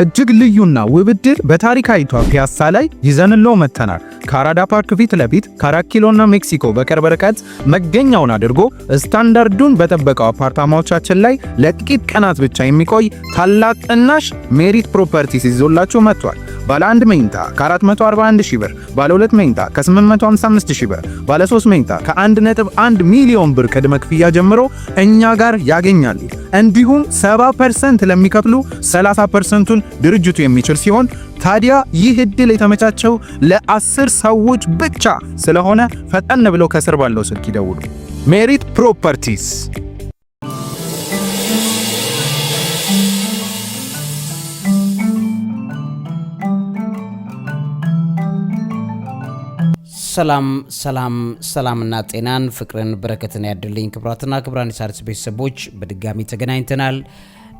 እጅግ ልዩና ውብድር በታሪካዊቷ ፒያሳ ላይ ይዘንሎ መጥተናል። ከአራዳ ፓርክ ፊት ለፊት ከአራት ኪሎና ሜክሲኮ በቅርብ ርቀት መገኛውን አድርጎ ስታንዳርዱን በጠበቀው አፓርታማዎቻችን ላይ ለጥቂት ቀናት ብቻ የሚቆይ ታላቅ ጥናሽ ሜሪት ፕሮፐርቲስ ይዞላችሁ መጥቷል። ባለ 1 መኝታ ከ441 ሺህ ብር፣ ባለ 2 መኝታ ከ855 ሺ ብር፣ ባለ 3 መኝታ ከ1.1 ሚሊዮን ብር ቅድመ ክፍያ ጀምሮ እኛ ጋር ያገኛሉ። እንዲሁም 70% ለሚከፍሉ ፐርሰንቱን ድርጅቱ የሚችል ሲሆን ታዲያ ይህ ዕድል የተመቻቸው ለ10 ሰዎች ብቻ ስለሆነ ፈጠን ብለው ከስር ባለው ስልክ ይደውሉ። ሜሪት ፕሮፐርቲስ ሰላም ሰላም ሰላምና ጤናን ፍቅርን በረከትን ያድልኝ። ክብራትና ክብራን የሣድስ ቤተሰቦች በድጋሚ ተገናኝተናል።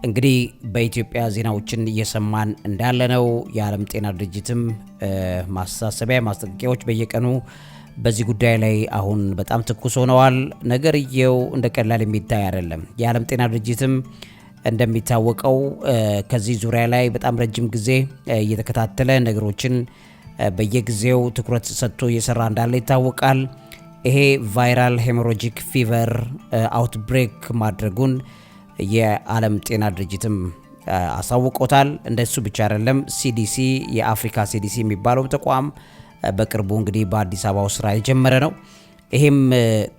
እንግዲህ በኢትዮጵያ ዜናዎችን እየሰማን እንዳለ ነው። የዓለም ጤና ድርጅትም ማሳሰቢያ፣ ማስጠንቀቂያዎች በየቀኑ በዚህ ጉዳይ ላይ አሁን በጣም ትኩስ ሆነዋል። ነገርየው እንደ ቀላል የሚታይ አይደለም። የዓለም ጤና ድርጅትም እንደሚታወቀው ከዚህ ዙሪያ ላይ በጣም ረጅም ጊዜ እየተከታተለ ነገሮችን በየጊዜው ትኩረት ሰጥቶ እየሰራ እንዳለ ይታወቃል። ይሄ ቫይራል ሄሞሮጂክ ፊቨር አውትብሬክ ማድረጉን የዓለም ጤና ድርጅትም አሳውቆታል። እንደሱ ብቻ አይደለም፣ ሲዲሲ የአፍሪካ ሲዲሲ የሚባለው ተቋም በቅርቡ እንግዲህ በአዲስ አበባ ስራ የጀመረ ነው። ይሄም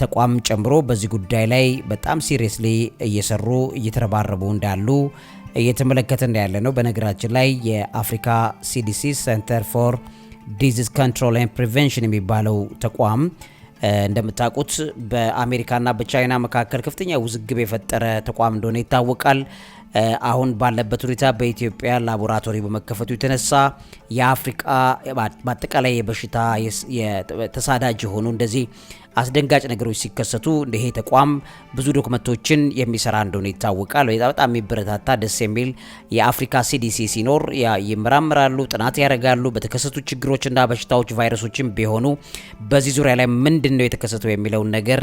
ተቋም ጨምሮ በዚህ ጉዳይ ላይ በጣም ሲሪየስሊ እየሰሩ እየተረባረቡ እንዳሉ እየተመለከትን ያለ ነው። በነገራችን ላይ የአፍሪካ ሲዲሲ ሴንተር ፎር ዲዚዝ ኮንትሮል ኤንድ ፕሪቨንሽን የሚባለው ተቋም እንደምታውቁት በአሜሪካና በቻይና መካከል ከፍተኛ ውዝግብ የፈጠረ ተቋም እንደሆነ ይታወቃል። አሁን ባለበት ሁኔታ በኢትዮጵያ ላቦራቶሪ በመከፈቱ የተነሳ የአፍሪቃ በአጠቃላይ የበሽታ ተሳዳጅ የሆኑ እንደዚህ አስደንጋጭ ነገሮች ሲከሰቱ ይሄ ተቋም ብዙ ዶክመንቶችን የሚሰራ እንደሆነ ይታወቃል። በጣም የሚበረታታ ደስ የሚል የአፍሪካ ሲዲሲ ሲኖር ይመራምራሉ፣ ጥናት ያደርጋሉ። በተከሰቱ ችግሮችና በሽታዎች ቫይረሶችን ቢሆኑ በዚህ ዙሪያ ላይ ምንድን ነው የተከሰተው የሚለውን ነገር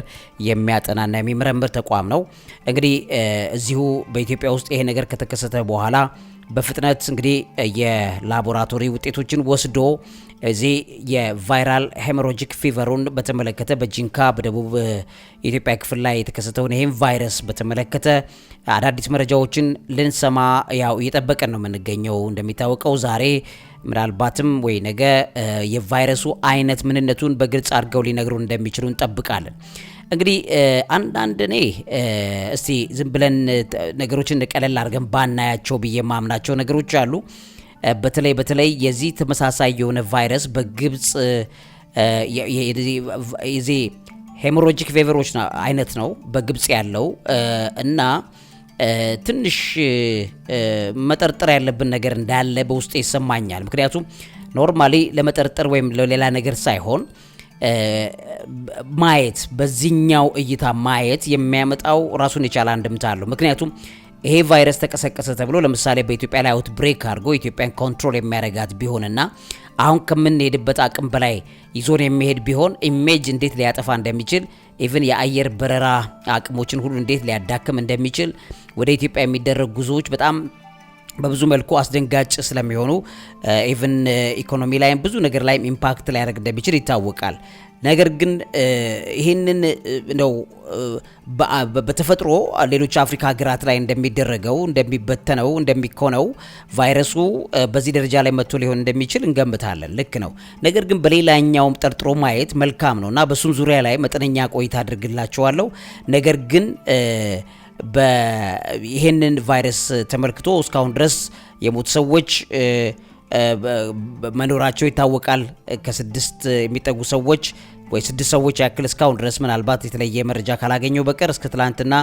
የሚያጠናና የሚመረምር ተቋም ነው። እንግዲህ እዚሁ በኢትዮጵያ ውስጥ ይሄ ነገር ከተከሰተ በኋላ በፍጥነት እንግዲህ የላቦራቶሪ ውጤቶችን ወስዶ እዚህ የቫይራል ሄሞሮጂክ ፊቨሩን በተመለከተ በጂንካ በደቡብ ኢትዮጵያ ክፍል ላይ የተከሰተውን ይህም ቫይረስ በተመለከተ አዳዲስ መረጃዎችን ልንሰማ ያው እየጠበቀን ነው የምንገኘው። እንደሚታወቀው ዛሬ ምናልባትም ወይ ነገ የቫይረሱ አይነት ምንነቱን በግልጽ አድርገው ሊነግሩን እንደሚችሉ እንጠብቃለን። እንግዲህ አንዳንድ እኔ እስቲ ዝም ብለን ነገሮችን ቀለል አድርገን ባናያቸው ብዬ ማምናቸው ነገሮች አሉ። በተለይ በተለይ የዚህ ተመሳሳይ የሆነ ቫይረስ በግብፅ የዚህ ሄሞሮጂክ ፌቨሮች አይነት ነው በግብፅ ያለው እና ትንሽ መጠርጠር ያለብን ነገር እንዳለ በውስጤ ይሰማኛል። ምክንያቱም ኖርማሊ ለመጠርጠር ወይም ለሌላ ነገር ሳይሆን ማየት በዚህኛው እይታ ማየት የሚያመጣው ራሱን የቻለ አንድምታ አለው። ምክንያቱም ይሄ ቫይረስ ተቀሰቀሰ ተብሎ ለምሳሌ በኢትዮጵያ ላይ አውት ብሬክ አድርጎ ኢትዮጵያን ኮንትሮል የሚያደርጋት ቢሆንና አሁን ከምንሄድበት አቅም በላይ ይዞን የሚሄድ ቢሆን ኢሜጅ እንዴት ሊያጠፋ እንደሚችል ኢቭን የአየር በረራ አቅሞችን ሁሉ እንዴት ሊያዳክም እንደሚችል ወደ ኢትዮጵያ የሚደረጉ ጉዞዎች በጣም በብዙ መልኩ አስደንጋጭ ስለሚሆኑ ኢቨን uh, ኢኮኖሚ uh, ላይም ብዙ ነገር ላይም ኢምፓክት ሊያደርግ እንደሚችል ይታወቃል። ነገር ግን ይህንን እንደው በተፈጥሮ ሌሎች አፍሪካ ሀገራት ላይ እንደሚደረገው እንደሚበተነው እንደሚኮነው ቫይረሱ በዚህ ደረጃ ላይ መጥቶ ሊሆን እንደሚችል እንገምታለን። ልክ ነው። ነገር ግን በሌላኛውም ጠርጥሮ ማየት መልካም ነው እና በሱም ዙሪያ ላይ መጠነኛ ቆይታ አድርግላቸዋለሁ። ነገር ግን ይህንን ቫይረስ ተመልክቶ እስካሁን ድረስ የሞቱ ሰዎች መኖራቸው ይታወቃል። ከስድስት የሚጠጉ ሰዎች ወይ ስድስት ሰዎች ያክል እስካሁን ድረስ ምናልባት የተለየ መረጃ ካላገኘው በቀር እስከ ትላንትና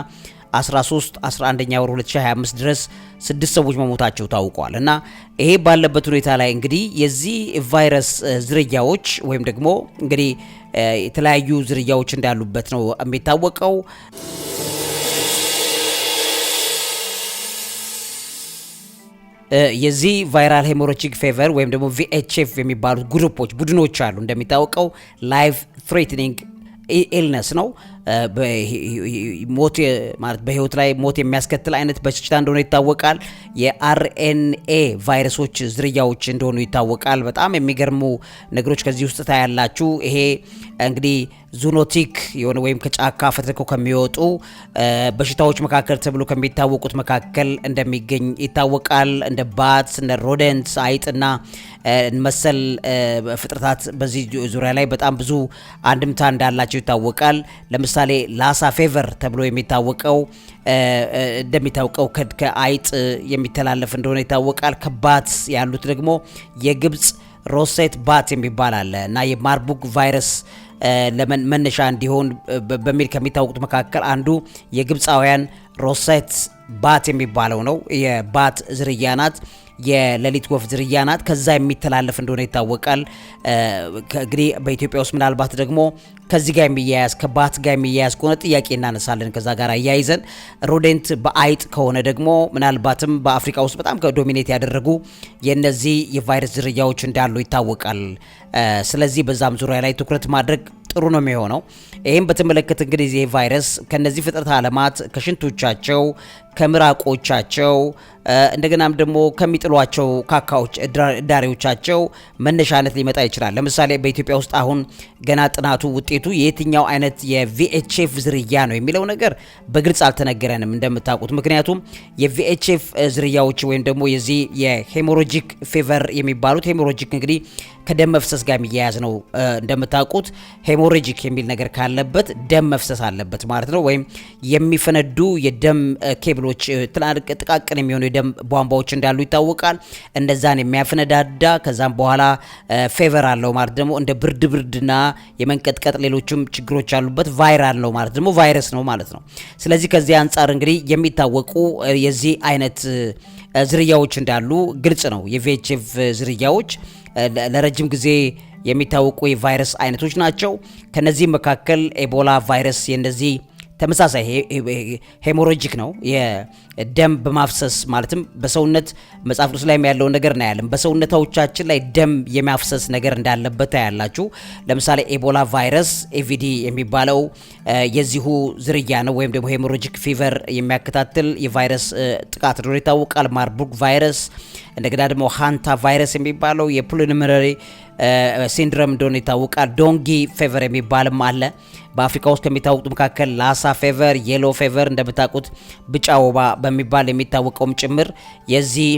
13 11ኛ ወር 2025 ድረስ ስድስት ሰዎች መሞታቸው ታውቋል። እና ይሄ ባለበት ሁኔታ ላይ እንግዲህ የዚህ ቫይረስ ዝርያዎች ወይም ደግሞ እንግዲህ የተለያዩ ዝርያዎች እንዳሉበት ነው የሚታወቀው። የዚህ ቫይራል ሄሞሮጂክ ፌቨር ወይም ደግሞ ቪኤችኤፍ የሚባሉት ግሩፖች ቡድኖች አሉ። እንደሚታወቀው ላይፍ ትሬትኒንግ ኢልነስ ነው። ሞት ማለት በህይወት ላይ ሞት የሚያስከትል አይነት በሽታ እንደሆነ ይታወቃል። የአርኤንኤ ቫይረሶች ዝርያዎች እንደሆኑ ይታወቃል። በጣም የሚገርሙ ነገሮች ከዚህ ውስጥ ታያላችሁ። ይሄ እንግዲህ ዙኖቲክ የሆነ ወይም ከጫካ ፈትልከው ከሚወጡ በሽታዎች መካከል ተብሎ ከሚታወቁት መካከል እንደሚገኝ ይታወቃል። እንደ ባት፣ እንደ ሮደንት፣ አይጥና መሰል ፍጥረታት በዚህ ዙሪያ ላይ በጣም ብዙ አንድምታ እንዳላቸው ይታወቃል። ለምሳሌ ላሳ ፌቨር ተብሎ የሚታወቀው እንደሚታወቀው ከአይጥ የሚተላለፍ እንደሆነ ይታወቃል። ከባት ያሉት ደግሞ የግብፅ ሮሴት ባት የሚባል አለ እና የማርቡግ ቫይረስ ለመነሻ እንዲሆን በሚል ከሚታወቁት መካከል አንዱ የግብፃውያን ሮሴት ባት የሚባለው ነው። የባት ዝርያ ናት። የሌሊት ወፍ ዝርያ ናት። ከዛ የሚተላለፍ እንደሆነ ይታወቃል። እንግዲህ በኢትዮጵያ ውስጥ ምናልባት ደግሞ ከዚህ ጋር የሚያያዝ ከባት ጋር የሚያያዝ ከሆነ ጥያቄ እናነሳለን። ከዛ ጋር አያይዘን ሮዴንት በአይጥ ከሆነ ደግሞ ምናልባትም በአፍሪካ ውስጥ በጣም ዶሚኔት ያደረጉ የነዚህ የቫይረስ ዝርያዎች እንዳሉ ይታወቃል። ስለዚህ በዛም ዙሪያ ላይ ትኩረት ማድረግ ጥሩ ነው የሚሆነው። ይህም በተመለከተ እንግዲህ ይህ ቫይረስ ከነዚህ ፍጥረት አለማት ከሽንቶቻቸው ከምራቆቻቸው እንደገናም ደግሞ ከሚጥሏቸው ካካዎች ዳሪዎቻቸው መነሻነት ሊመጣ ይችላል። ለምሳሌ በኢትዮጵያ ውስጥ አሁን ገና ጥናቱ ውጤቱ የትኛው አይነት የቪኤችኤፍ ዝርያ ነው የሚለው ነገር በግልጽ አልተነገረንም እንደምታውቁት። ምክንያቱም የቪኤችኤፍ ዝርያዎች ወይም ደግሞ የዚህ የሄሞሮጂክ ፌቨር የሚባሉት ሄሞሮጂክ እንግዲህ ከደም መፍሰስ ጋር የሚያያዝ ነው እንደምታውቁት። ሄሞሮጂክ የሚል ነገር ካለበት ደም መፍሰስ አለበት ማለት ነው። ወይም የሚፈነዱ የደም ኬብል ክፍሎች ትላልቅ ጥቃቅን የሚሆኑ የደም ቧንቧዎች እንዳሉ ይታወቃል። እንደዛን የሚያፍነዳዳ ከዛም በኋላ ፌቨር አለው ማለት ደግሞ እንደ ብርድ ብርድና የመንቀጥቀጥ ሌሎችም ችግሮች ያሉበት ቫይራል ነው ማለት ደግሞ ቫይረስ ነው ማለት ነው። ስለዚህ ከዚህ አንጻር እንግዲህ የሚታወቁ የዚህ አይነት ዝርያዎች እንዳሉ ግልጽ ነው። የቪኤችኤፍ ዝርያዎች ለረጅም ጊዜ የሚታወቁ የቫይረስ አይነቶች ናቸው። ከነዚህ መካከል ኤቦላ ቫይረስ የእነዚህ ተመሳሳይ ሄሞሮጂክ ነው። የደም በማፍሰስ ማለትም በሰውነት መጽሐፍ ቅዱስ ላይ ያለውን ነገር እናያለን። በሰውነታዎቻችን ላይ ደም የማፍሰስ ነገር እንዳለበት ያላችሁ። ለምሳሌ ኤቦላ ቫይረስ ኤቪዲ የሚባለው የዚሁ ዝርያ ነው፣ ወይም ደግሞ ሄሞሮጂክ ፊቨር የሚያከታትል የቫይረስ ጥቃት ነው ይታወቃል። ማርቡርግ ቫይረስ እንደገና ደግሞ ሃንታ ቫይረስ የሚባለው የፑልሞነሪ ሲንድረም እንደሆነ ይታወቃል። ዶንጊ ፌቨር የሚባልም አለ። በአፍሪካ ውስጥ ከሚታወቁት መካከል ላሳ ፌቨር፣ የሎ ፌቨር እንደምታውቁት ብጫ ወባ በሚባል የሚታወቀውም ጭምር የዚህ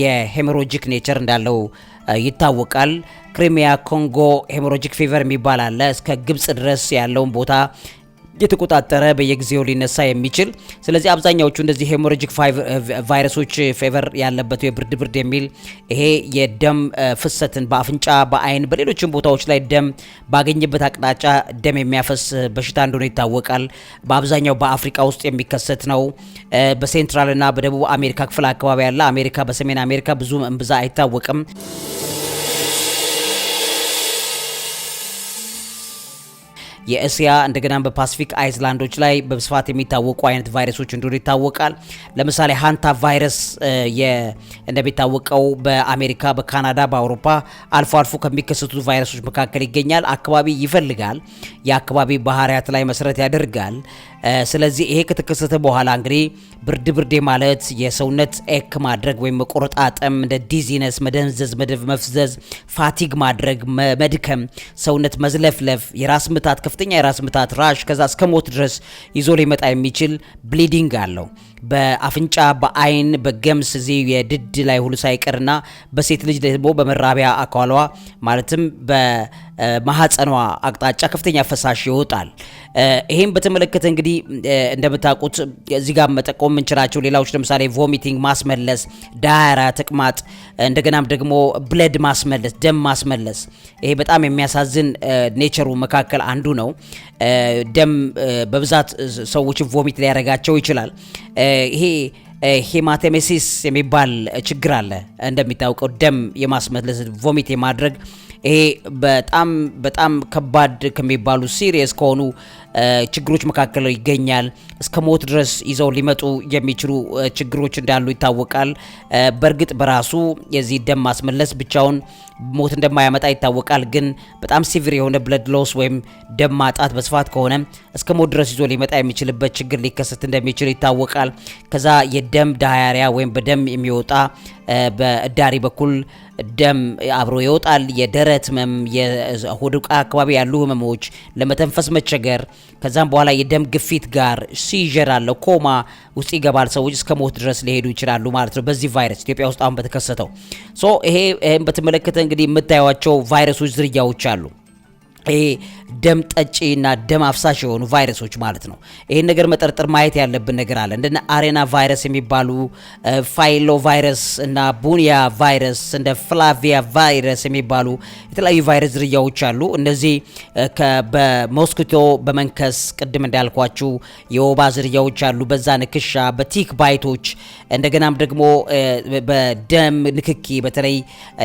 የሄሞሮጂክ ኔቸር እንዳለው ይታወቃል። ክሪሚያ ኮንጎ ሄሞሮጂክ ፌቨር የሚባል አለ። እስከ ግብጽ ድረስ ያለውን ቦታ እየተቆጣጠረ በየጊዜው ሊነሳ የሚችል ስለዚህ አብዛኛዎቹ እንደዚህ ሄሞሮጂክ ቫይረሶች ፌቨር ያለበት የብርድ ብርድ የሚል ይሄ የደም ፍሰትን በአፍንጫ በአይን በሌሎችም ቦታዎች ላይ ደም ባገኘበት አቅጣጫ ደም የሚያፈስ በሽታ እንደሆነ ይታወቃል። በአብዛኛው በአፍሪካ ውስጥ የሚከሰት ነው። በሴንትራልና በደቡብ አሜሪካ ክፍል አካባቢ ያለ አሜሪካ በሰሜን አሜሪካ ብዙ እምብዛ አይታወቅም። የእስያ እንደገናም በፓሲፊክ አይስላንዶች ላይ በስፋት የሚታወቁ አይነት ቫይረሶች እንደሆነ ይታወቃል። ለምሳሌ ሃንታ ቫይረስ እንደሚታወቀው በአሜሪካ፣ በካናዳ፣ በአውሮፓ አልፎ አልፎ ከሚከሰቱ ቫይረሶች መካከል ይገኛል። አካባቢ ይፈልጋል። የአካባቢ ባህሪያት ላይ መሰረት ያደርጋል። ስለዚህ ይሄ ከተከሰተ በኋላ እንግዲህ ብርድ ብርዴ ማለት የሰውነት ኤክ ማድረግ ወይም መቆረጣጠም፣ እንደ ዲዚነስ፣ መደንዘዝ፣ መደብ መፍዘዝ፣ ፋቲግ ማድረግ፣ መድከም፣ ሰውነት መዝለፍለፍ፣ የራስ ምታት፣ ከፍተኛ የራስ ምታት፣ ራሽ ከዛ እስከ ሞት ድረስ ይዞ ሊመጣ የሚችል ብሊዲንግ አለው። በአፍንጫ በአይን በገምስ እዚህ የድድ ላይ ሁሉ ሳይቀርና በሴት ልጅ ደግሞ በመራቢያ አካሏ ማለትም በማህፀኗ አቅጣጫ ከፍተኛ ፈሳሽ ይወጣል። ይሄን በተመለከተ እንግዲህ እንደምታውቁት እዚህ ጋር መጠቆም የምንችላቸው ሌላዎች ለምሳሌ ቮሚቲንግ ማስመለስ፣ ዳያራ ተቅማጥ፣ እንደገናም ደግሞ ብለድ ማስመለስ ደም ማስመለስ። ይሄ በጣም የሚያሳዝን ኔቸሩ መካከል አንዱ ነው። ደም በብዛት ሰዎችን ቮሚት ሊያደርጋቸው ይችላል። ይሄ ሄማቴሜሲስ የሚባል ችግር አለ። እንደሚታወቀው ደም የማስመለስ ቮሚት የማድረግ ይሄ በጣም በጣም ከባድ ከሚባሉ ሲሪየስ ከሆኑ ችግሮች መካከል ይገኛል። እስከ ሞት ድረስ ይዘው ሊመጡ የሚችሉ ችግሮች እንዳሉ ይታወቃል። በእርግጥ በራሱ የዚህ ደም ማስመለስ ብቻውን ሞት እንደማያመጣ ይታወቃል። ግን በጣም ሲቪር የሆነ ብለድ ሎስ ወይም ደም ማጣት በስፋት ከሆነ እስከ ሞት ድረስ ይዞ ሊመጣ የሚችልበት ችግር ሊከሰት እንደሚችል ይታወቃል። ከዛ የደም ዳያሪያ ወይም በደም የሚወጣ በእዳሪ በኩል ደም አብሮ ይወጣል። የደረት ህመም፣ የሆድ ዕቃ አካባቢ ያሉ ህመሞች፣ ለመተንፈስ መቸገር ከዛም በኋላ የደም ግፊት ጋር ሲዥር ኮማ ውስጥ ይገባል። ሰዎች እስከ ሞት ድረስ ሊሄዱ ይችላሉ ማለት ነው በዚህ ቫይረስ ኢትዮጵያ ውስጥ አሁን በተከሰተው ይሄ ይህም በተመለከተ እንግዲህ የምታዩቸው ቫይረሶች ዝርያዎች አሉ። ይሄ ደም ጠጪ እና ደም አፍሳሽ የሆኑ ቫይረሶች ማለት ነው። ይህን ነገር መጠርጠር ማየት ያለብን ነገር አለ። እንደ አሬና ቫይረስ የሚባሉ ፋይሎ ቫይረስ እና ቡኒያ ቫይረስ እንደ ፍላቪያ ቫይረስ የሚባሉ የተለያዩ ቫይረስ ዝርያዎች አሉ። እነዚህ በሞስኪቶ በመንከስ ቅድም እንዳልኳችሁ የወባ ዝርያዎች አሉ። በዛ ንክሻ፣ በቲክ ባይቶች እንደገናም ደግሞ በደም ንክኪ በተለይ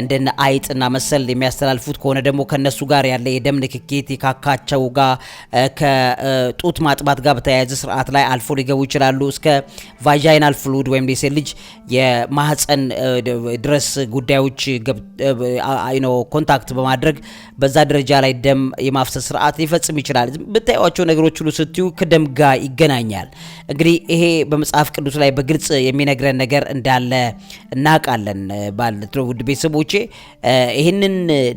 እንደነ አይጥና መሰል የሚያስተላልፉት ከሆነ ደግሞ ከነሱ ጋር ያለ የደም ንክኪ ካካቸው ጋር ከጡት ማጥባት ጋር በተያያዘ ስርዓት ላይ አልፎ ሊገቡ ይችላሉ። እስከ ቫጃይናል ፍሉድ ወይም የሴት ልጅ የማህፀን ድረስ ጉዳዮች ኮንታክት በማድረግ በዛ ደረጃ ላይ ደም የማፍሰስ ስርዓት ሊፈጽም ይችላል። ብታዩዋቸው ነገሮች ሁሉ ስትዩ ከደም ጋር ይገናኛል። እንግዲህ ይሄ በመጽሐፍ ቅዱስ ላይ በግልጽ የሚነግረን ነገር እንዳለ እናውቃለን። ባለት ውድ ቤተሰቦቼ ይህንን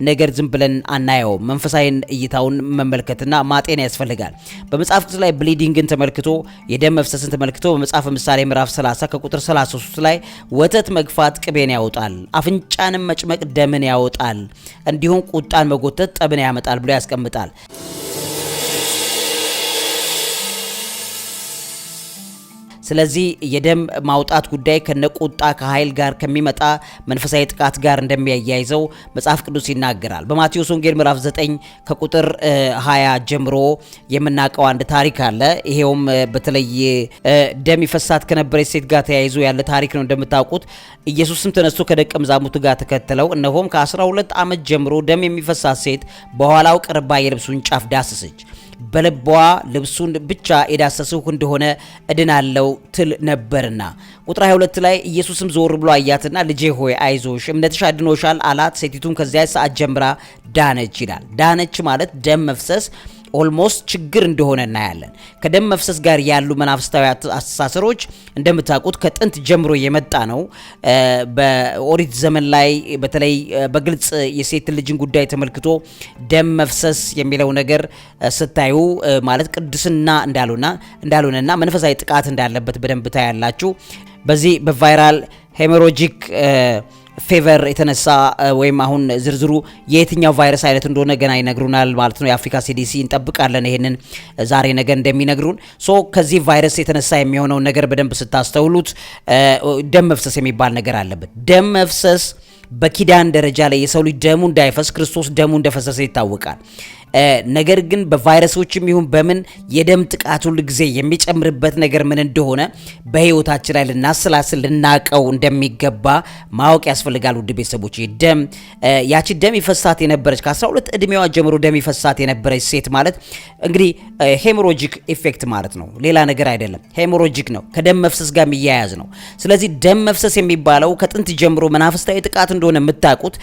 ነገር ዝም ብለን አናየውም። መንፈሳዊን እይታውን መመልከትና ማጤን ያስፈልጋል። በመጽሐፍ ቅዱስ ላይ ብሊዲንግን ተመልክቶ የደም መፍሰስን ተመልክቶ በመጽሐፈ ምሳሌ ምዕራፍ 30 ከቁጥር 33 ላይ ወተት መግፋት ቅቤን ያወጣል፣ አፍንጫንም መጭመቅ ደምን ያወጣል፣ እንዲሁም ቁጣን መጎተት ጠብን ያመጣል ብሎ ያስቀምጣል። ስለዚህ የደም ማውጣት ጉዳይ ከነቁጣ ከኃይል ጋር ከሚመጣ መንፈሳዊ ጥቃት ጋር እንደሚያያይዘው መጽሐፍ ቅዱስ ይናገራል። በማቴዎስ ወንጌል ምዕራፍ 9 ከቁጥር 20 ጀምሮ የምናውቀው አንድ ታሪክ አለ። ይሄውም በተለይ ደም ይፈሳት ከነበረች ሴት ጋር ተያይዞ ያለ ታሪክ ነው። እንደምታውቁት ኢየሱስም ተነስቶ ከደቀ መዛሙርቱ ጋር ተከተለው። እነሆም ከ12 ዓመት ጀምሮ ደም የሚፈሳት ሴት በኋላው ቀርባ የልብሱን ጫፍ ዳስሰች። በልቧ ልብሱን ብቻ የዳሰስሁ እንደሆነ እድናለው ትል ነበርና። ቁጥር 22 ላይ ኢየሱስም ዞር ብሎ አያትና ልጄ ሆይ አይዞሽ እምነትሽ አድኖሻል አላት። ሴቲቱም ከዚያ ሰዓት ጀምራ ዳነች ይላል። ዳነች ማለት ደም መፍሰስ ኦልሞስት ችግር እንደሆነ እናያለን። ከደም መፍሰስ ጋር ያሉ መናፍስታዊ አስተሳሰሮች እንደምታውቁት ከጥንት ጀምሮ የመጣ ነው። በኦሪት ዘመን ላይ በተለይ በግልጽ የሴት ልጅን ጉዳይ ተመልክቶ ደም መፍሰስ የሚለው ነገር ስታዩ ማለት ቅድስና እንዳልሆነና መንፈሳዊ ጥቃት እንዳለበት በደንብ ታያላችሁ። በዚህ በቫይራል ሄሞሮጂክ ፌቨር የተነሳ ወይም አሁን ዝርዝሩ የየትኛው ቫይረስ አይነት እንደሆነ ገና ይነግሩናል ማለት ነው። የአፍሪካ ሲዲሲ እንጠብቃለን ይሄንን ዛሬ ነገ እንደሚነግሩን። ሶ ከዚህ ቫይረስ የተነሳ የሚሆነውን ነገር በደንብ ስታስተውሉት ደም መፍሰስ የሚባል ነገር አለበት። ደም መፍሰስ በኪዳን ደረጃ ላይ የሰው ልጅ ደሙ እንዳይፈስ ክርስቶስ ደሙ እንደፈሰሰ ይታወቃል። ነገር ግን በቫይረሶችም ይሁን በምን የደም ጥቃት ሁል ጊዜ የሚጨምርበት ነገር ምን እንደሆነ በህይወታችን ላይ ልናስላስል ልናቀው እንደሚገባ ማወቅ ያስፈልጋል። ውድ ቤተሰቦች ደም ያቺ ደም ይፈሳት የነበረች ከ12 እድሜዋ ጀምሮ ደም ይፈሳት የነበረች ሴት ማለት እንግዲህ ሄሞሮጂክ ኢፌክት ማለት ነው። ሌላ ነገር አይደለም። ሄሞሮጂክ ነው፣ ከደም መፍሰስ ጋር የሚያያዝ ነው። ስለዚህ ደም መፍሰስ የሚባለው ከጥንት ጀምሮ መናፍስታዊ ጥቃት እንደሆነ የምታውቁት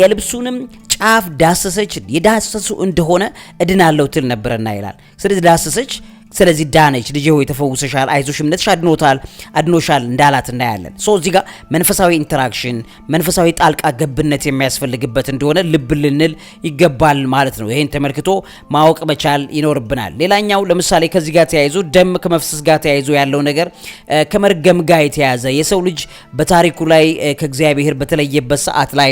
የልብሱንም ጫፍ ዳሰሰች። የዳሰሱ እንደሆነ እድናለሁ ትል ነበረና ይላል። ስለዚህ ዳሰሰች ስለዚህ ዳነች። ልጅ ሆይ ተፈውሰሻል፣ አይዞሽ፣ እምነትሽ አድኖታል አድኖሻል እንዳላት እናያለን። ሶ እዚህ ጋር መንፈሳዊ ኢንተራክሽን መንፈሳዊ ጣልቃ ገብነት የሚያስፈልግበት እንደሆነ ልብ ልንል ይገባል ማለት ነው። ይሄን ተመልክቶ ማወቅ መቻል ይኖርብናል። ሌላኛው ለምሳሌ ከዚህ ጋር ተያይዞ ደም ከመፍሰስ ጋር ተያይዞ ያለው ነገር ከመርገም ጋር የተያዘ የሰው ልጅ በታሪኩ ላይ ከእግዚአብሔር በተለየበት ሰዓት ላይ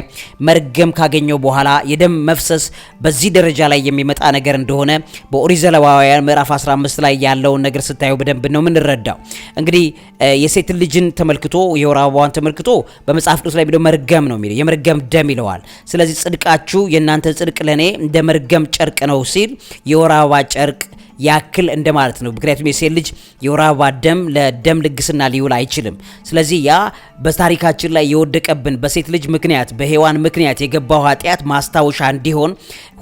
መርገም ካገኘው በኋላ የደም መፍሰስ በዚህ ደረጃ ላይ የሚመጣ ነገር እንደሆነ በኦሪት ዘሌዋውያን ምዕራፍ 15 ላይ ላይ ያለውን ነገር ስታየው በደንብ ነው የምንረዳው። እንግዲህ የሴትን ልጅን ተመልክቶ የወር አበባዋን ተመልክቶ በመጽሐፍ ቅዱስ ላይ የሚለው መርገም ነው የሚለው የመርገም ደም ይለዋል። ስለዚህ ጽድቃችሁ፣ የእናንተ ጽድቅ ለእኔ እንደ መርገም ጨርቅ ነው ሲል የወር አበባ ጨርቅ ያክል እንደማለት ነው። ምክንያቱም የሴት ልጅ የወር አበባ ደም ለደም ልግስና ሊውል አይችልም። ስለዚህ ያ በታሪካችን ላይ የወደቀብን በሴት ልጅ ምክንያት በሔዋን ምክንያት የገባው ኃጢአት ማስታወሻ እንዲሆን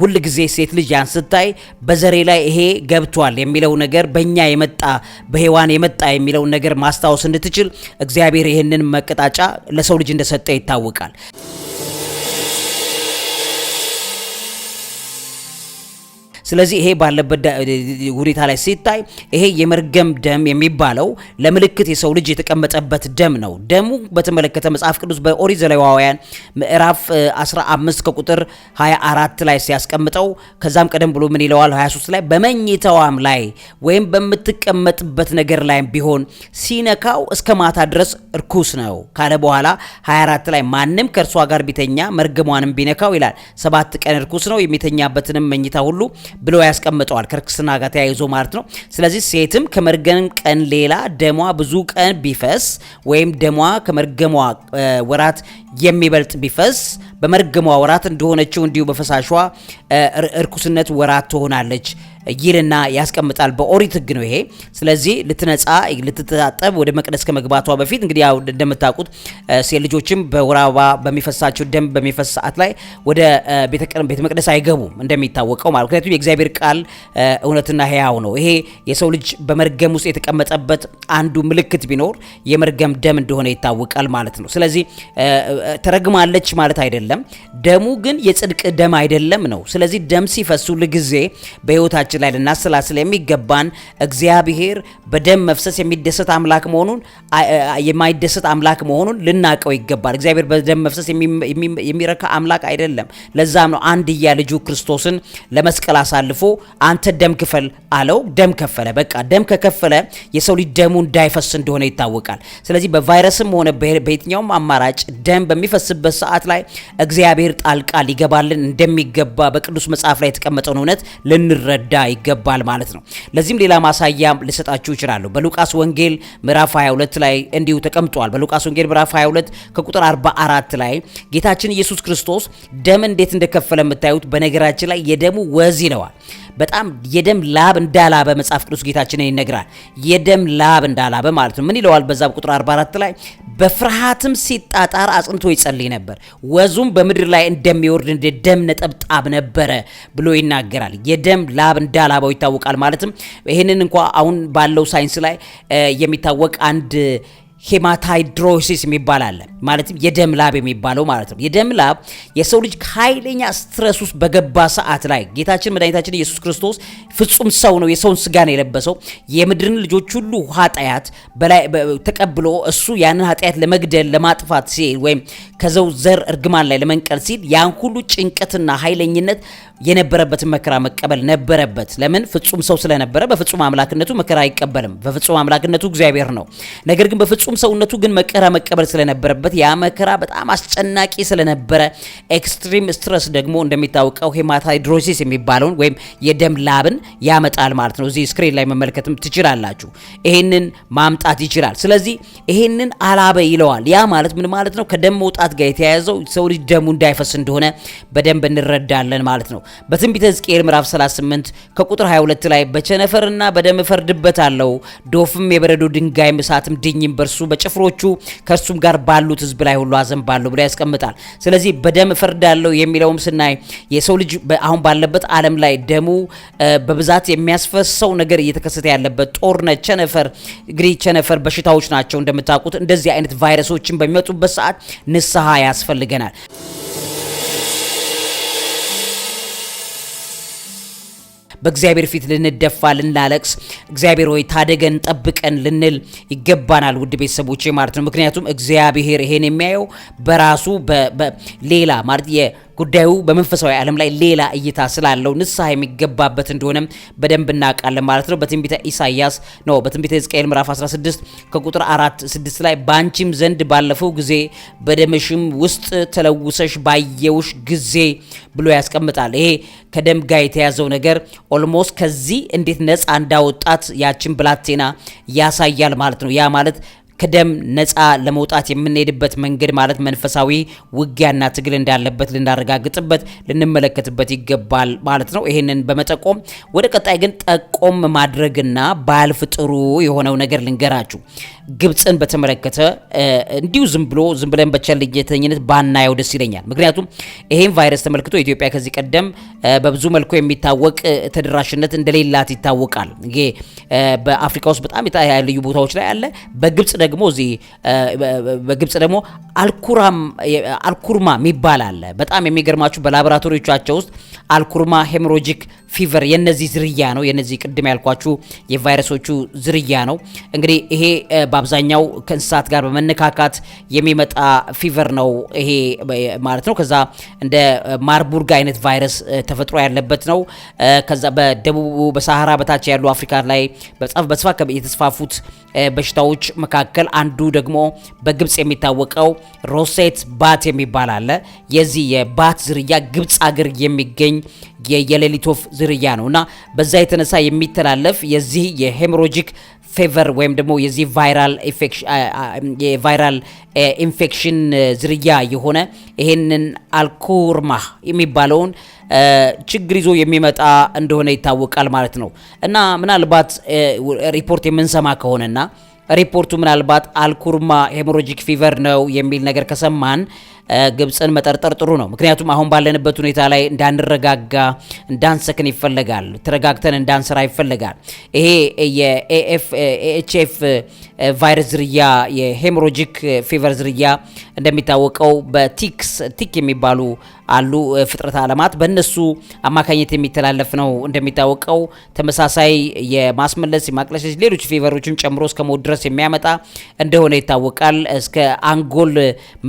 ሁል ጊዜ ሴት ልጅ ያን ስታይ በዘሬ ላይ ይሄ ገብቷል የሚለው ነገር በእኛ የመጣ በሔዋን የመጣ የሚለው ነገር ማስታወስ እንድትችል እግዚአብሔር ይህንን መቀጣጫ ለሰው ልጅ እንደሰጠ ይታወቃል። ስለዚህ ይሄ ባለበት ሁኔታ ላይ ሲታይ ይሄ የመርገም ደም የሚባለው ለምልክት የሰው ልጅ የተቀመጠበት ደም ነው። ደሙ በተመለከተ መጽሐፍ ቅዱስ በኦሪት ዘሌዋውያን ምዕራፍ 15 ከቁጥር 24 ላይ ሲያስቀምጠው ከዛም ቀደም ብሎ ምን ይለዋል? 23 ላይ በመኝተዋም ላይ ወይም በምትቀመጥበት ነገር ላይ ቢሆን ሲነካው እስከ ማታ ድረስ እርኩስ ነው ካለ በኋላ 24 ላይ ማንም ከእርሷ ጋር ቢተኛ መርግሟንም ቢነካው ይላል ሰባት ቀን እርኩስ ነው የሚተኛበትንም መኝታ ሁሉ ብሎ ያስቀምጠዋል ከርክስና ጋር ተያይዞ ማለት ነው ስለዚህ ሴትም ከመርገም ቀን ሌላ ደሟ ብዙ ቀን ቢፈስ ወይም ደሟ ከመርገሟ ወራት የሚበልጥ ቢፈስ በመርገሟ ወራት እንደሆነችው እንዲሁ በፈሳሿ እርኩስነት ወራት ትሆናለች ይልና ያስቀምጣል። በኦሪት ህግ ነው ይሄ። ስለዚህ ልትነጻ ልትታጠብ ወደ መቅደስ ከመግባቷ በፊት እንግዲህ ያው እንደምታውቁት ሴት ልጆችም በወር አበባ በሚፈሳቸው ደም በሚፈስ ሰዓት ላይ ወደ ቤተ መቅደስ አይገቡም እንደሚታወቀው ማለት ምክንያቱም የእግዚአብሔር ቃል እውነትና ሕያው ነው። ይሄ የሰው ልጅ በመርገም ውስጥ የተቀመጠበት አንዱ ምልክት ቢኖር የመርገም ደም እንደሆነ ይታወቃል ማለት ነው። ስለዚህ ተረግማለች ማለት አይደለም። ደሙ ግን የጽድቅ ደም አይደለም ነው። ስለዚህ ደም ሲፈሱ ሁልጊዜ በሕይወታችን በህይወታችን ላይ ልናስላስል የሚገባን እግዚአብሔር በደም መፍሰስ የሚደሰት አምላክ መሆኑን የማይደሰት አምላክ መሆኑን ልናቀው ይገባል። እግዚአብሔር በደም መፍሰስ የሚረካ አምላክ አይደለም። ለዛም ነው አንድያ ልጁ ክርስቶስን ለመስቀል አሳልፎ አንተ ደም ክፈል አለው። ደም ከፈለ። በቃ ደም ከከፈለ የሰው ልጅ ደሙ እንዳይፈስ እንደሆነ ይታወቃል። ስለዚህ በቫይረስም ሆነ በየትኛውም አማራጭ ደም በሚፈስበት ሰዓት ላይ እግዚአብሔር ጣልቃ ሊገባልን እንደሚገባ በቅዱስ መጽሐፍ ላይ የተቀመጠውን እውነት ልንረዳ ይገባል ማለት ነው። ለዚህም ሌላ ማሳያ ልሰጣችሁ ይችላሉ። በሉቃስ ወንጌል ምዕራፍ 22 ላይ እንዲሁ ተቀምጧል። በሉቃስ ወንጌል ምዕራፍ 22 ከቁጥር 44 ላይ ጌታችን ኢየሱስ ክርስቶስ ደም እንዴት እንደከፈለ የምታዩት በነገራችን ላይ የደሙ ወዝ ይለዋል። በጣም የደም ላብ እንዳላበ መጽሐፍ ቅዱስ ጌታችንን ይነግራል። የደም ላብ እንዳላበ ማለት ነው። ምን ይለዋል? በዛ ቁጥር 44 ላይ በፍርሃትም ሲጣጣር አጽንቶ ይጸልይ ነበር። ወዙም በምድር ላይ እንደሚወርድ እንደ ደም ነጠብጣብ ነበረ ብሎ ይናገራል። የደም ላብ እንዳላባው ይታወቃል። ማለትም ይህንን እንኳ አሁን ባለው ሳይንስ ላይ የሚታወቅ አንድ ሄማታይድሮሲስ የሚባል አለ። ማለትም የደም ላብ የሚባለው ማለት ነው። የደም ላብ የሰው ልጅ ከኃይለኛ ስትረስ ውስጥ በገባ ሰዓት ላይ ጌታችን መድኃኒታችን ኢየሱስ ክርስቶስ ፍጹም ሰው ነው። የሰውን ስጋ ነው የለበሰው። የምድርን ልጆች ሁሉ ኃጢአት በላይ ተቀብሎ እሱ ያንን ኃጢአት ለመግደል ለማጥፋት ሲል ወይም ከዘው ዘር እርግማን ላይ ለመንቀል ሲል ያን ሁሉ ጭንቀትና ኃይለኝነት የነበረበትን መከራ መቀበል ነበረበት። ለምን? ፍጹም ሰው ስለነበረ በፍጹም አምላክነቱ መከራ አይቀበልም። በፍጹም አምላክነቱ እግዚአብሔር ነው። ነገር ግን በፍጹም ሰውነቱ ግን መከራ መቀበል ስለነበረበት የነበረበት ያ መከራ በጣም አስጨናቂ ስለነበረ ኤክስትሪም ስትረስ ደግሞ እንደሚታወቀው ሄማታይድሮሲስ የሚባለውን ወይም የደም ላብን ያመጣል ማለት ነው። እዚህ ስክሪን ላይ መመልከትም ትችላላችሁ። ይሄንን ማምጣት ይችላል። ስለዚህ ይሄንን አላበ ይለዋል። ያ ማለት ምን ማለት ነው? ከደም መውጣት ጋር የተያያዘው ሰው ልጅ ደሙ እንዳይፈስ እንደሆነ በደንብ እንረዳለን ማለት ነው። በትንቢተ ሕዝቅኤል ምዕራፍ 38 ከቁጥር 22 ላይ በቸነፈርና በደም እፈርድበታለሁ፣ ዶፍም የበረዶ ድንጋይም እሳትም ድኝም በእርሱ በጭፍሮቹ ከእርሱም ጋር ባሉ በሚያምኑት ህዝብ ላይ ሁሉ አዘንባለሁ ብሎ ያስቀምጣል። ስለዚህ በደም እፈርዳለሁ የሚለውም ስናይ የሰው ልጅ አሁን ባለበት ዓለም ላይ ደሙ በብዛት የሚያስፈሰው ነገር እየተከሰተ ያለበት ጦርነት፣ ቸነፈር እንግዲህ ቸነፈር በሽታዎች ናቸው እንደምታውቁት። እንደዚህ አይነት ቫይረሶችን በሚመጡበት ሰዓት ንስሐ ያስፈልገናል። በእግዚአብሔር ፊት ልንደፋ ልናለቅስ፣ እግዚአብሔር ሆይ ታደገን፣ ጠብቀን ልንል ይገባናል። ውድ ቤተሰቦቼ ማለት ነው። ምክንያቱም እግዚአብሔር ይሄን የሚያየው በራሱ ሌላ ማለት ጉዳዩ በመንፈሳዊ ዓለም ላይ ሌላ እይታ ስላለው ንስሐ የሚገባበት እንደሆነ በደንብ እናውቃለን ማለት ነው። በትንቢተ ኢሳይያስ ነው በትንቢተ ሕዝቅኤል ምዕራፍ 16 ከቁጥር 4 6 ላይ በአንቺም ዘንድ ባለፈው ጊዜ በደምሽም ውስጥ ተለውሰሽ ባየውሽ ጊዜ ብሎ ያስቀምጣል። ይሄ ከደም ጋር የተያዘው ነገር ኦልሞስት ከዚህ እንዴት ነፃ እንዳወጣት ያችን ብላቴና ያሳያል ማለት ነው። ያ ማለት ከደም ነፃ ለመውጣት የምንሄድበት መንገድ ማለት መንፈሳዊ ውጊያና ትግል እንዳለበት ልናረጋግጥበት ልንመለከትበት ይገባል ማለት ነው። ይህንን በመጠቆም ወደ ቀጣይ ግን ጠቆም ማድረግና ባልፍ ጥሩ የሆነው ነገር ልንገራችሁ። ግብፅን በተመለከተ እንዲሁ ዝም ብሎ ዝም ብለን በቸልተኝነት ባናየው ደስ ይለኛል። ምክንያቱም ይሄን ቫይረስ ተመልክቶ ኢትዮጵያ ከዚህ ቀደም በብዙ መልኩ የሚታወቅ ተደራሽነት እንደሌላት ይታወቃል። ይሄ በአፍሪካ ውስጥ በጣም ልዩ ቦታዎች ላይ አለ። በግብፅ ደግሞ እዚህ በግብጽ ደግሞ አልኩርማ የሚባል አለ። በጣም የሚገርማችሁ በላቦራቶሪዎቻቸው ውስጥ አልኩርማ ሄሞሮጂክ ፊቨር የነዚህ ዝርያ ነው። የነዚህ ቅድም ያልኳችሁ የቫይረሶቹ ዝርያ ነው። እንግዲህ ይሄ በአብዛኛው ከእንስሳት ጋር በመነካካት የሚመጣ ፊቨር ነው ይሄ ማለት ነው። ከዛ እንደ ማርቡርግ አይነት ቫይረስ ተፈጥሮ ያለበት ነው። ከዛ በደቡቡ በሳሃራ በታች ያሉ አፍሪካ ላይ በስፋት የተስፋፉት በሽታዎች መካከል አንዱ ደግሞ በግብጽ የሚታወቀው ሮሴት ባት የሚባል አለ። የዚህ የባት ዝርያ ግብጽ አገር የሚገኝ የየሌሊት ወፍ ዝርያ ነውና በዛ የተነሳ የሚተላለፍ የዚህ የሄሞሮጂክ ፌቨር ወይም ደግሞ የዚህ ቫይራል ኢንፌክሽን ዝርያ የሆነ ይህንን አልኩርማ የሚባለውን ችግር ይዞ የሚመጣ እንደሆነ ይታወቃል ማለት ነው እና ምናልባት ሪፖርት የምንሰማ ከሆነና ሪፖርቱ ምናልባት አልኩርማ ሄሞሮጂክ ፊቨር ነው የሚል ነገር ከሰማን ግብፅን መጠርጠር ጥሩ ነው። ምክንያቱም አሁን ባለንበት ሁኔታ ላይ እንዳንረጋጋ እንዳንሰክን ይፈለጋል። ተረጋግተን እንዳንሰራ ይፈለጋል። ይሄ የኤኤችኤፍ ቫይረስ ዝርያ የሄሞሮጂክ ፊቨር ዝርያ እንደሚታወቀው በቲክስ ቲክ የሚባሉ አሉ ፍጥረት ዓለማት በእነሱ አማካኝነት የሚተላለፍ ነው። እንደሚታወቀው ተመሳሳይ የማስመለስ የማቅለሸሽ፣ ሌሎች ፌቨሮችም ጨምሮ እስከ ሞት ድረስ የሚያመጣ እንደሆነ ይታወቃል። እስከ አንጎል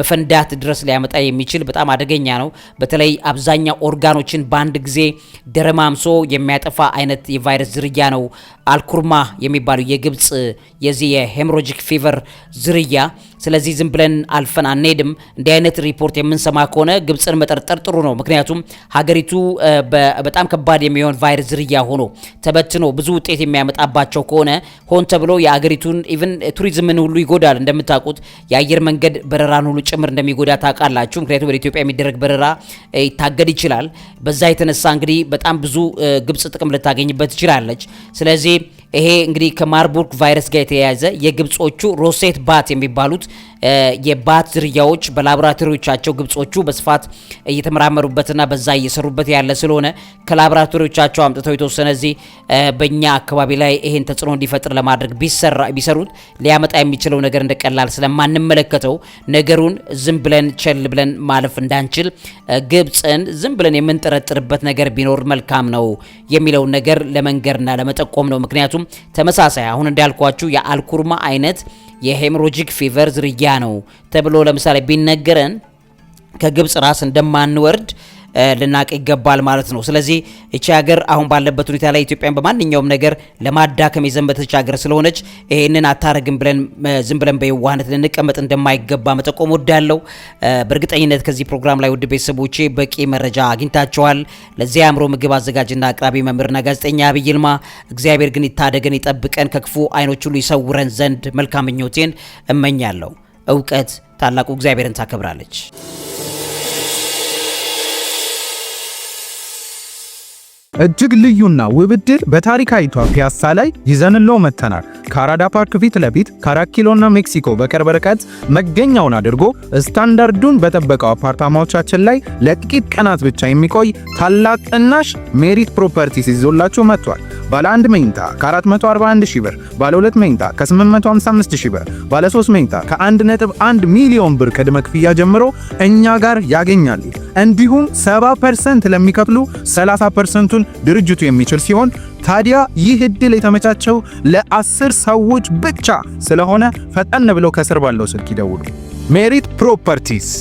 መፈንዳት ድረስ ሊያመጣ የሚችል በጣም አደገኛ ነው። በተለይ አብዛኛው ኦርጋኖችን በአንድ ጊዜ ደረማምሶ የሚያጠፋ አይነት የቫይረስ ዝርያ ነው። አልኩርማ የሚባለው የግብፅ የዚህ የሄምሮጂክ ፌቨር ዝርያ ስለዚህ ዝም ብለን አልፈን አንሄድም። እንዲህ አይነት ሪፖርት የምንሰማ ከሆነ ግብፅን መጠርጠር ጥሩ ነው። ምክንያቱም ሀገሪቱ በጣም ከባድ የሚሆን ቫይረስ ዝርያ ሆኖ ተበትኖ ብዙ ውጤት የሚያመጣባቸው ከሆነ ሆን ተብሎ የሀገሪቱን ኢቭን ቱሪዝምን ሁሉ ይጎዳል። እንደምታውቁት የአየር መንገድ በረራን ሁሉ ጭምር እንደሚጎዳ ታውቃላችሁ። ምክንያቱም ወደ ኢትዮጵያ የሚደረግ በረራ ይታገድ ይችላል። በዛ የተነሳ እንግዲህ በጣም ብዙ ግብፅ ጥቅም ልታገኝበት ትችላለች። ስለዚህ ይሄ እንግዲህ ከማርቡርግ ቫይረስ ጋር የተያያዘ የግብጾቹ ሮሴት ባት የሚባሉት የባት ዝርያዎች በላቦራቶሪዎቻቸው ግብጾቹ በስፋት እየተመራመሩበትና በዛ እየሰሩበት ያለ ስለሆነ ከላቦራቶሪዎቻቸው አምጥተው የተወሰነ እዚህ በእኛ አካባቢ ላይ ይሄን ተጽዕኖ እንዲፈጥር ለማድረግ ቢሰሩት ሊያመጣ የሚችለው ነገር እንደቀላል ስለማንመለከተው ነገሩን ዝም ብለን ቸል ብለን ማለፍ እንዳንችል ግብፅን ዝም ብለን የምንጠረጥርበት ነገር ቢኖር መልካም ነው የሚለውን ነገር ለመንገርና ለመጠቆም ነው። ምክንያቱም ተመሳሳይ አሁን እንዳልኳችሁ የአልኩርማ አይነት የሄሞሮጂክ ፊቨር ዝርያ ነው ተብሎ ለምሳሌ ቢነገረን ከግብጽ ራስ እንደማንወርድ ልናቅ ይገባል ማለት ነው። ስለዚህ እቺ ሀገር አሁን ባለበት ሁኔታ ላይ ኢትዮጵያን በማንኛውም ነገር ለማዳከም የዘመተች ሀገር ስለሆነች ይህንን አታረግም ብለን ዝም ብለን በየዋህነት ልንቀመጥ እንደማይገባ መጠቆም ወዳለው። በእርግጠኝነት ከዚህ ፕሮግራም ላይ ውድ ቤተሰቦቼ በቂ መረጃ አግኝታቸዋል። ለዚህ አእምሮ ምግብ አዘጋጅና አቅራቢ መምህርና ጋዜጠኛ አብይ ይልማ። እግዚአብሔር ግን ይታደገን፣ ይጠብቀን፣ ከክፉ አይኖች ሁሉ ይሰውረን ዘንድ መልካም ምኞቴን እመኛለሁ። እውቀት ታላቁ እግዚአብሔርን ታከብራለች። እጅግ ልዩና ውብድር በታሪካዊቷ ፒያሳ ላይ ይዘንሎ መጥተናል። ከአራዳ ፓርክ ፊት ለፊት ከአራት ኪሎና ሜክሲኮ በቅርብ ርቀት መገኛውን አድርጎ ስታንዳርዱን በጠበቀው አፓርታማዎቻችን ላይ ለጥቂት ቀናት ብቻ የሚቆይ ታላቅ ጥናሽ ሜሪት ፕሮፐርቲስ ይዞላችሁ መጥቷል። ባለ 1 መኝታ ከ441 ሺህ ብር፣ ባለ 2 መኝታ ከ855 ሺህ ብር፣ ባለ 3 መኝታ ከ1.1 ሚሊዮን ብር ቅድመ ክፍያ ጀምሮ እኛ ጋር ያገኛሉ። እንዲሁም 70% ለሚከፍሉ 30%ቱን ድርጅቱ የሚችል ሲሆን ታዲያ ይህ እድል የተመቻቸው ለአስር ሰዎች ብቻ ስለሆነ ፈጠን ብለው ከስር ባለው ስልክ ይደውሉ። ሜሪት ፕሮፐርቲስ